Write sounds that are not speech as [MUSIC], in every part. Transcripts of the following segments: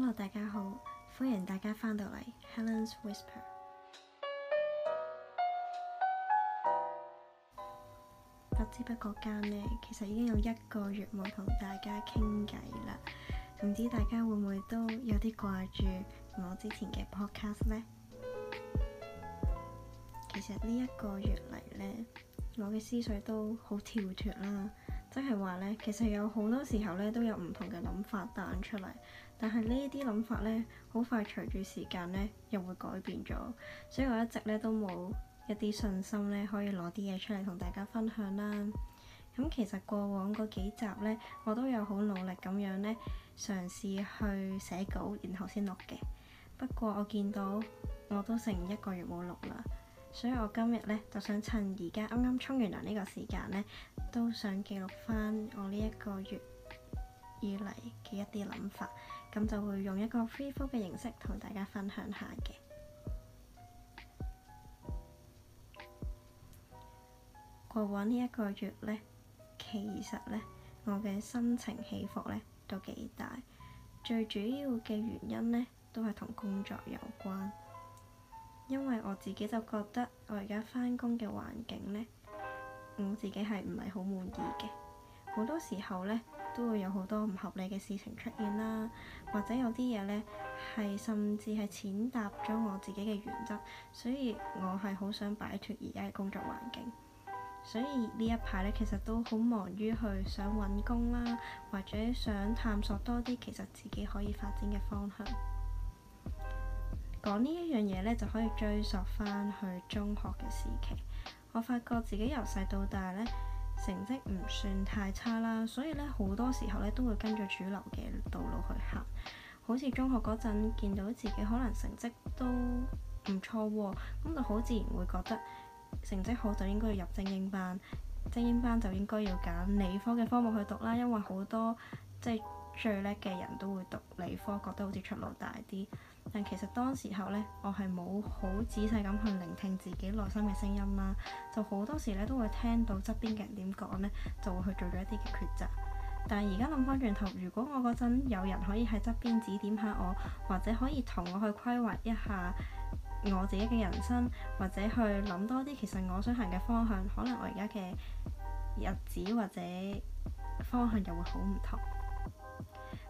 hello，大家好，歡迎大家翻到嚟。Helen's Whisper [MUSIC] 不知不覺間呢，其實已經有一個月冇同大家傾偈啦。唔知大家會唔會都有啲掛住我之前嘅 podcast 呢？其實呢一個月嚟呢，我嘅思緒都好跳脫啦，即係話呢，其實有好多時候呢，都有唔同嘅諗法彈出嚟。但係呢一啲諗法呢，好快隨住時間呢又會改變咗，所以我一直呢都冇一啲信心呢可以攞啲嘢出嚟同大家分享啦。咁、嗯、其實過往嗰幾集呢，我都有好努力咁樣呢嘗試去寫稿，然後先錄嘅。不過我見到我都成一個月冇錄啦，所以我今日呢就想趁而家啱啱沖完涼呢個時間呢，都想記錄翻我呢一個月以嚟嘅一啲諗法。咁就會用一個 freeform 嘅形式同大家分享下嘅。過往呢一個月呢，其實呢，我嘅心情起伏呢都幾大。最主要嘅原因呢，都係同工作有關。因為我自己就覺得，我而家返工嘅環境呢，我自己係唔係好滿意嘅。好多時候呢，都會有好多唔合理嘅事情出現啦，或者有啲嘢呢係甚至係踐踏咗我自己嘅原則，所以我係好想擺脱而家嘅工作環境。所以呢一排呢，其實都好忙於去想揾工啦，或者想探索多啲其實自己可以發展嘅方向。講呢一樣嘢呢，就可以追溯翻去中學嘅時期。我發覺自己由細到大呢。成績唔算太差啦，所以咧好多時候咧都會跟住主流嘅道路去行。好似中學嗰陣見到自己可能成績都唔錯喎，咁就好自然會覺得成績好就應該要入精英班，精英班就應該要揀理科嘅科目去讀啦。因為好多即係、就是、最叻嘅人都會讀理科，覺得好似出路大啲。但其實當時候呢，我係冇好仔細咁去聆聽自己內心嘅聲音啦，就好多時咧都會聽到側邊嘅人點講呢，就會去做咗一啲嘅抉擇。但係而家諗翻轉頭，如果我嗰陣有人可以喺側邊指點下我，或者可以同我去規劃一下我自己嘅人生，或者去諗多啲其實我想行嘅方向，可能我而家嘅日子或者方向又會好唔同。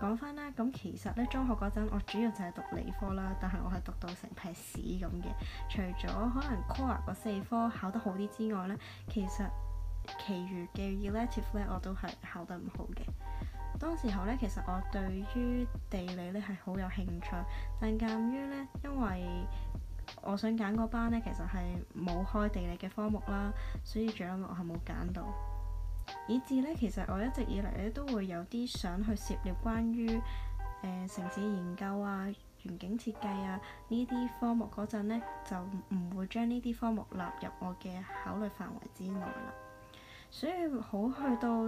講翻啦，咁其實咧，中學嗰陣我主要就係讀理科啦，但係我係讀到成撇屎咁嘅。除咗可能 Core 嗰四科考得好啲之外呢，其實其餘嘅 Elective 咧我都係考得唔好嘅。當時候呢，其實我對於地理呢係好有興趣，但係鑑於咧，因為我想揀嗰班呢，其實係冇開地理嘅科目啦，所以最後我係冇揀到。以至咧，其實我一直以嚟咧都會有啲想去涉獵關於誒、呃、城市研究啊、園景設計啊呢啲科目嗰陣咧，就唔會將呢啲科目納入我嘅考慮範圍之內啦。所以好去到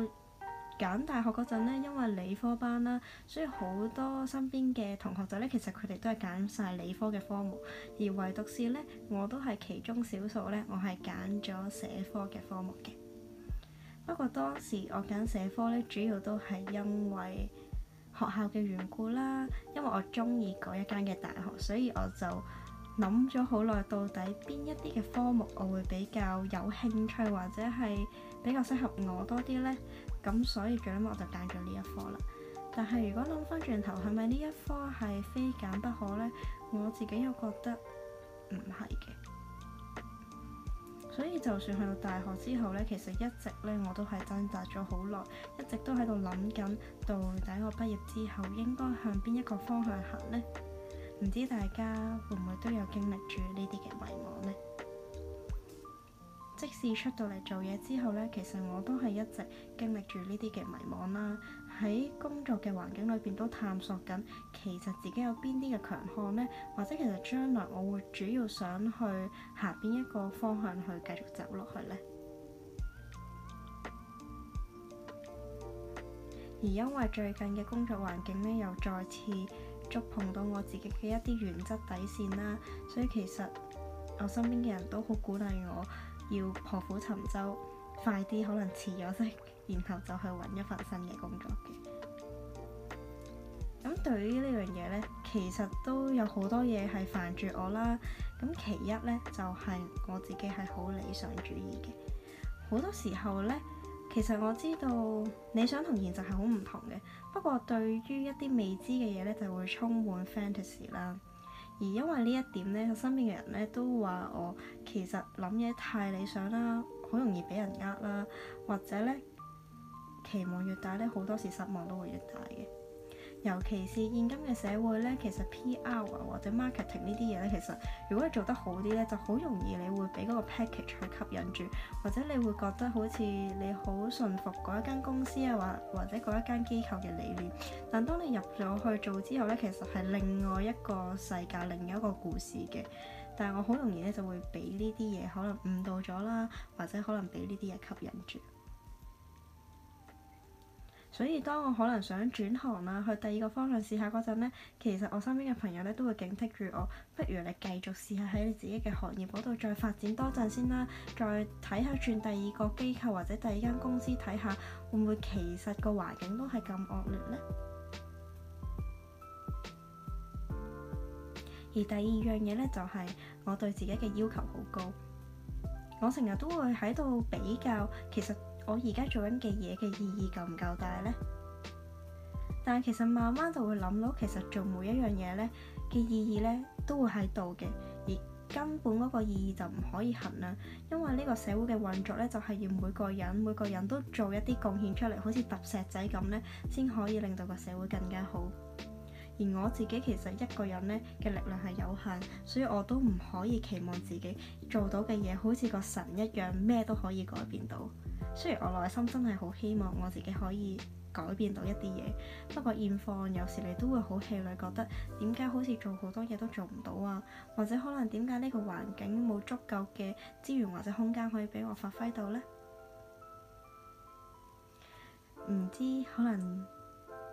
揀大學嗰陣咧，因為理科班啦、啊，所以好多身邊嘅同學仔呢，其實佢哋都係揀晒理科嘅科目，而唯獨是呢，我都係其中少數呢，我係揀咗社科嘅科目嘅。不過當時我揀社科咧，主要都係因為學校嘅緣故啦，因為我中意嗰一間嘅大學，所以我就諗咗好耐，到底邊一啲嘅科目我會比較有興趣，或者係比較適合我多啲呢？咁所以最後我就揀咗呢一科啦。但係如果諗返轉頭，係咪呢一科係非揀不可呢？我自己又覺得唔係嘅。所以就算去到大學之後咧，其實一直咧我都係掙扎咗好耐，一直都喺度諗緊，到底我畢業之後應該向邊一個方向行呢？唔知大家會唔會都有經歷住呢啲嘅迷茫呢？即使出到嚟做嘢之後咧，其實我都係一直經歷住呢啲嘅迷茫啦。喺工作嘅環境裏邊都探索緊，其實自己有邊啲嘅強項呢？或者其實將來我會主要想去行邊一個方向去繼續走落去呢？而因為最近嘅工作環境呢，又再次觸碰到我自己嘅一啲原則底線啦，所以其實我身邊嘅人都好鼓勵我。要破釜沉舟，快啲可能辭咗職，然後就去揾一份新嘅工作嘅。咁對於呢樣嘢呢，其實都有好多嘢係煩住我啦。咁其一呢，就係、是、我自己係好理想主義嘅。好多時候呢，其實我知道理想同現實係好唔同嘅。不過對於一啲未知嘅嘢呢，就會充滿 fantasy 啦。而因為呢一點咧，我身邊嘅人咧都話我其實諗嘢太理想啦，好容易俾人呃啦，或者咧期望越大咧，好多時失望都會越大嘅。尤其是現今嘅社會呢，其實 PR 啊，或者 marketing 呢啲嘢呢，其實如果你做得好啲呢，就好容易你會俾嗰個 package 去吸引住，或者你會覺得好似你好信服嗰一間公司啊，或或者嗰一間機構嘅理念。但當你入咗去做之後呢，其實係另外一個世界，另外一個故事嘅。但係我好容易呢，就會俾呢啲嘢可能誤導咗啦，或者可能俾呢啲嘢吸引住。所以當我可能想轉行啦、啊，去第二個方向試下嗰陣咧，其實我身邊嘅朋友咧都會警惕住我，不如你繼續試下喺你自己嘅行業嗰度再發展多陣先啦，再睇下轉第二個機構或者第二間公司睇下，看看會唔會其實個環境都係咁惡劣咧？而第二樣嘢呢，就係、是、我對自己嘅要求好高，我成日都會喺度比較，其實。我而家做緊嘅嘢嘅意義夠唔夠大呢？但係其實慢慢就會諗到，其實做每一樣嘢呢嘅意義呢都會喺度嘅，而根本嗰個意義就唔可以衡量，因為呢個社會嘅運作呢，就係要每個人每個人都做一啲貢獻出嚟，好似揼石仔咁呢，先可以令到個社會更加好。而我自己其實一個人呢嘅力量係有限，所以我都唔可以期望自己做到嘅嘢好似個神一樣，咩都可以改變到。雖然我內心真係好希望我自己可以改變到一啲嘢，不過現況有時你都會好氣餒，覺得點解好似做好多嘢都做唔到啊？或者可能點解呢個環境冇足夠嘅資源或者空間可以俾我發揮到呢？唔知可能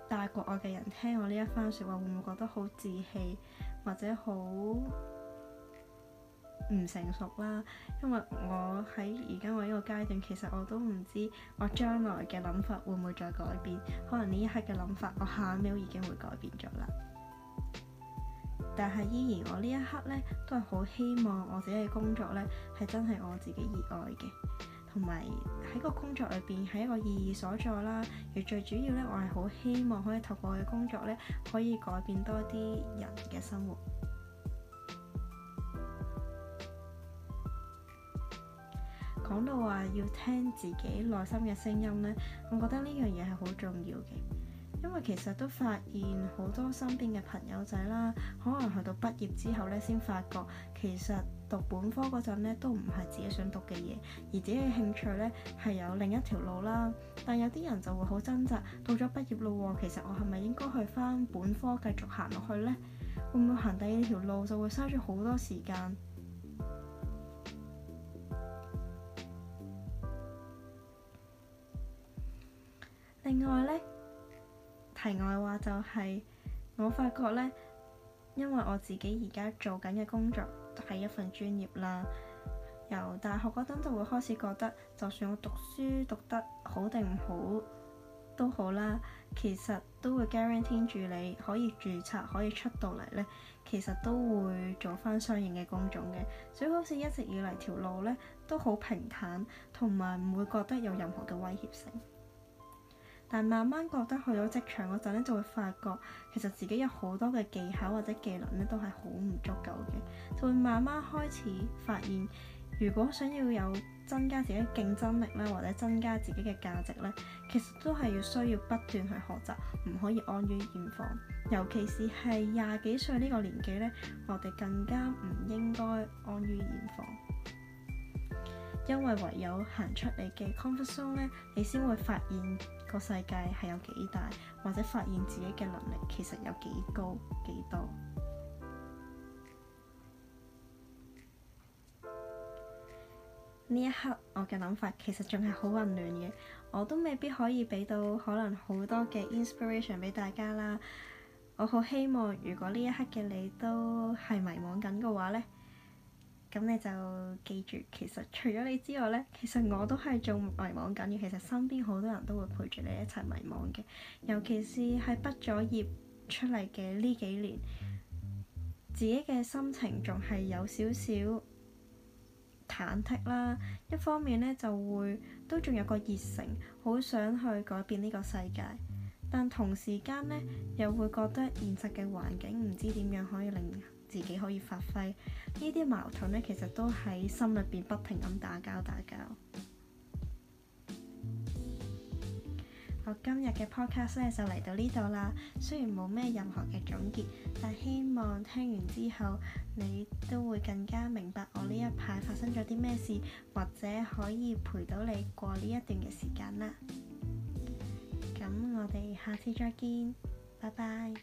大國外嘅人聽我呢一番説話會唔會覺得好自棄，或者好？唔成熟啦，因為我喺而家我呢個階段，其實我都唔知我將來嘅諗法會唔會再改變，可能呢一刻嘅諗法，我下一秒已經會改變咗啦。但係依然我呢一刻呢，都係好希望我自己嘅工作呢，係真係我自己熱愛嘅，同埋喺個工作裏邊係一個意義所在啦。而最主要呢，我係好希望可以透過我嘅工作呢，可以改變多啲人嘅生活。講到話要聽自己內心嘅聲音呢，我覺得呢樣嘢係好重要嘅，因為其實都發現好多身邊嘅朋友仔啦，可能去到畢業之後呢，先發覺其實讀本科嗰陣呢，都唔係自己想讀嘅嘢，而自己嘅興趣呢，係有另一條路啦。但有啲人就會好掙扎，到咗畢業咯喎，其實我係咪應該去翻本科繼續行落去呢？會唔會行第二條路就會嘥咗好多時間？另外咧，題外話就係，我發覺咧，因為我自己而家做緊嘅工作係一份專業啦。由大學嗰陣就會開始覺得，就算我讀書讀得好定唔好都好啦，其實都會 guarantee 住你可以註冊可以出到嚟咧。其實都會做翻相應嘅工種嘅，所以好似一直以嚟條路咧都好平坦，同埋唔會覺得有任何嘅威脅性。但慢慢覺得去咗職場嗰陣咧，就會發覺其實自己有好多嘅技巧或者技能咧，都係好唔足夠嘅。就會慢慢開始發現，如果想要有增加自己競爭力咧，或者增加自己嘅價值咧，其實都係要需要不斷去學習，唔可以安於現況。尤其是係廿幾歲呢個年紀咧，我哋更加唔應該安於現況。因為唯有行出你嘅 comfort zone 咧，你先會發現個世界係有幾大，或者發現自己嘅能力其實有幾高幾多。呢一刻我嘅諗法其實仲係好混亂嘅，我都未必可以俾到可能好多嘅 inspiration 俾大家啦。我好希望如果呢一刻嘅你都係迷茫緊嘅話咧。咁你就記住，其實除咗你之外呢，其實我都係仲迷茫緊嘅。其實身邊好多人都會陪住你一齊迷茫嘅。尤其是喺畢咗業出嚟嘅呢幾年，自己嘅心情仲係有少少忐忑啦。一方面呢，就會都仲有個熱誠，好想去改變呢個世界。但同時間呢，又會覺得現實嘅環境唔知點樣可以令自己可以發揮呢啲矛盾呢，其實都喺心入邊不停咁打交打交。我今日嘅 podcast 咧就嚟到呢度啦。雖然冇咩任何嘅總結，但希望聽完之後你都會更加明白我呢一排發生咗啲咩事，或者可以陪到你過呢一段嘅時間啦。咁我哋下次再見，拜拜。